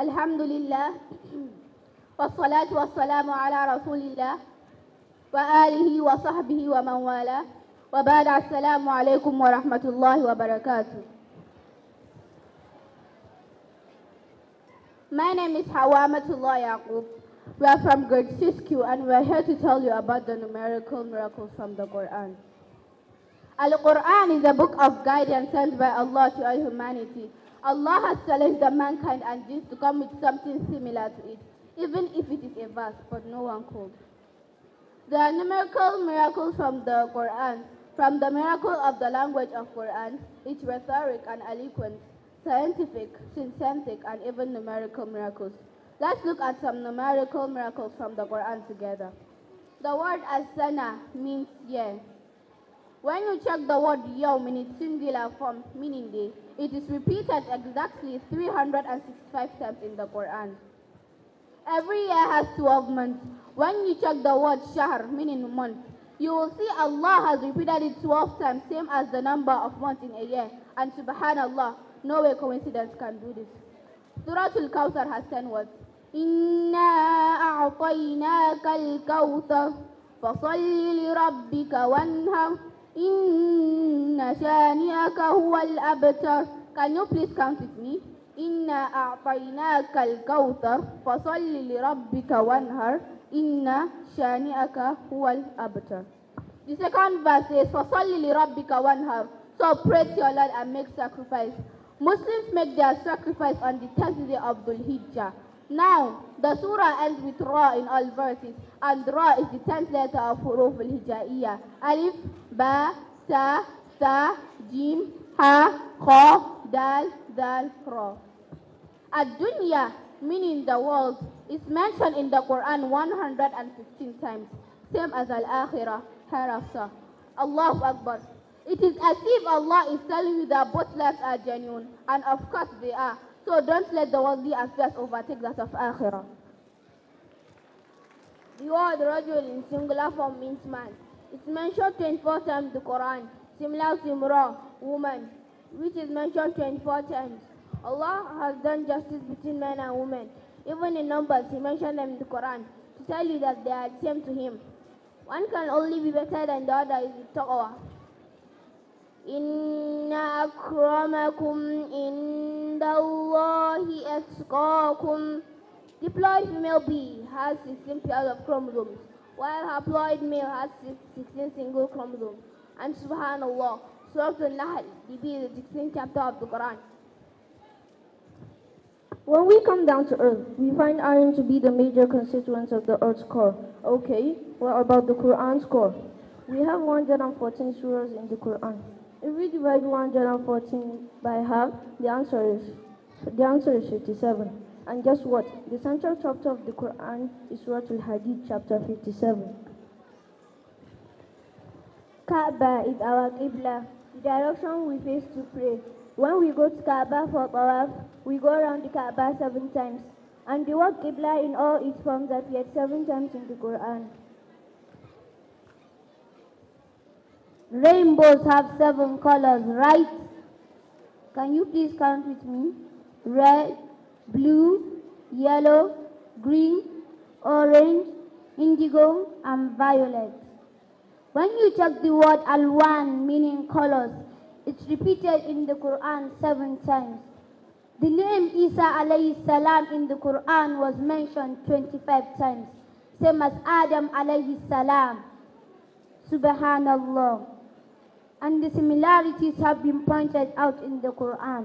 الحمد لله والصلاة والسلام على رسول الله وآله وصحبه ومن والاه وبعد السلام عليكم ورحمة الله وبركاته My name is Hawamatullah Yaqub. We are from grade 6Q and we are here to tell you about the numerical miracles from the Quran. Al-Quran is a book of guidance sent by Allah to all humanity Allah has challenged the mankind and Jews to come with something similar to it, even if it is a verse, but no one could. There are numerical miracles from the Quran, from the miracle of the language of Quran, its rhetoric and eloquence, scientific, synthetic, and even numerical miracles. Let's look at some numerical miracles from the Quran together. The word asana means year. When you check the word yom in its singular form, meaning day, it is repeated exactly 365 times in the Quran. Every year has 12 months. When you check the word shahr, meaning month, you will see Allah has repeated it 12 times, same as the number of months in a year. And subhanallah, no way coincidence can do this. Surah Al-Kawthar has 10 words. إِنَّا أَعْطَيْنَاكَ kawthar فَصَلِّ لِرَبِّكَ وَانْهَرْ Inna shani huwa al-abtar. Can you please count with me? Inna a'tainaka al-kawthar. Fasalli li rabbika wanhar. Inna shani huwa al-abtar. The second verse is, Fasalli li rabbika wanhar. So pray to your Lord and make sacrifice. Muslims make their sacrifice on the 10th day of Dhul-Hijjah. Now, the surah ends with Ra in all verses, and Ra is the 10th letter of Huruf al-Hija'iyah. Alif, Ba, Ta, Sa, Jim, Ha, Kha, Dal, Dal, Ra. Ad-Dunya, meaning the world, is mentioned in the Quran 115 times, same as Al-Akhirah, hereafter. Allahu Akbar. It is as if Allah is telling you that both lives are genuine, and of course they are. So don't let the worldly affairs overtake that of akhirah. The word rajul in singular form means man. It's mentioned 24 times in the Quran, similar to Imra, woman, which is mentioned 24 times. Allah has done justice between men and women. Even in numbers, he mentioned them in the Quran to tell you that they are the same to him. One can only be better than the other is with taqwa. إن أكرمكم عند الله أتقاكم Deployed female B has 16 pairs of chromosomes, while her male has 16 single chromosomes. And subhanallah, Surah Al-Nahl, the is the 16th chapter of the Quran. When we come down to Earth, we find iron to be the major constituent of the Earth's core. Okay, what about the Quran's core? We have 114 surahs in the Quran. If we divide 114 by half, the answer is the answer is 57. And guess what? The central chapter of the Quran is Surah al Hadith chapter 57. Kaaba is our Qibla, the direction we face to pray. When we go to Kaaba for Tawaf, we go around the Kaaba seven times. And the word Qibla in all its forms appears seven times in the Quran. Rainbows have seven colors, right? Can you please count with me? Red, blue, yellow, green, orange, indigo, and violet. When you check the word alwan meaning colors, it's repeated in the Quran seven times. The name Isa alayhi salam in the Quran was mentioned 25 times, same as Adam alayhi salam. Subhanallah and the similarities have been pointed out in the Quran.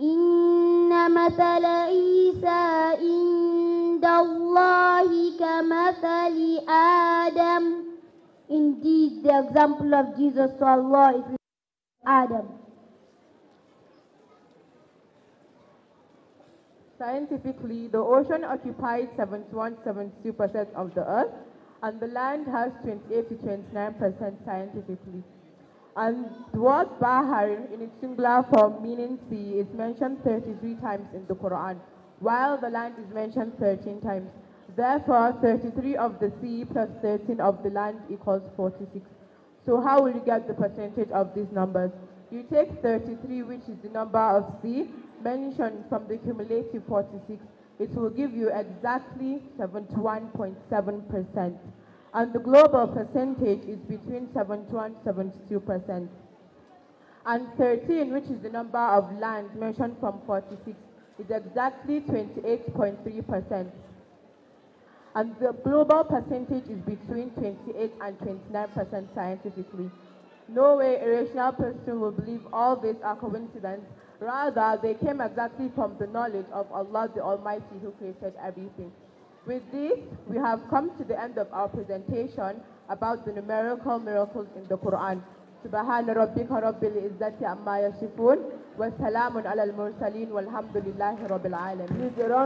إن مثل عيسى عند الله كمثل آدم Indeed, the example of Jesus to Allah is Adam. Scientifically, the ocean occupies 71-72% of the earth, and the land has 28 to 29% scientifically. And the word Bahar in its singular form, meaning sea, is mentioned 33 times in the Quran, while the land is mentioned 13 times. Therefore, 33 of the sea plus 13 of the land equals 46. So how will you get the percentage of these numbers? You take 33, which is the number of sea, mentioned from the cumulative 46. It will give you exactly 71.7% and the global percentage is between 71 72%. And 13, which is the number of lands mentioned from 46, is exactly 28.3%. And the global percentage is between 28 and 29% scientifically. No way a rational person will believe all these are coincidences. Rather, they came exactly from the knowledge of Allah the Almighty who created everything. With this, we have come to the end of our presentation about the numerical miracles in the Quran. سبحان ربك رب العزة عما يصفون وسلام على المرسلين والحمد لله رب العالمين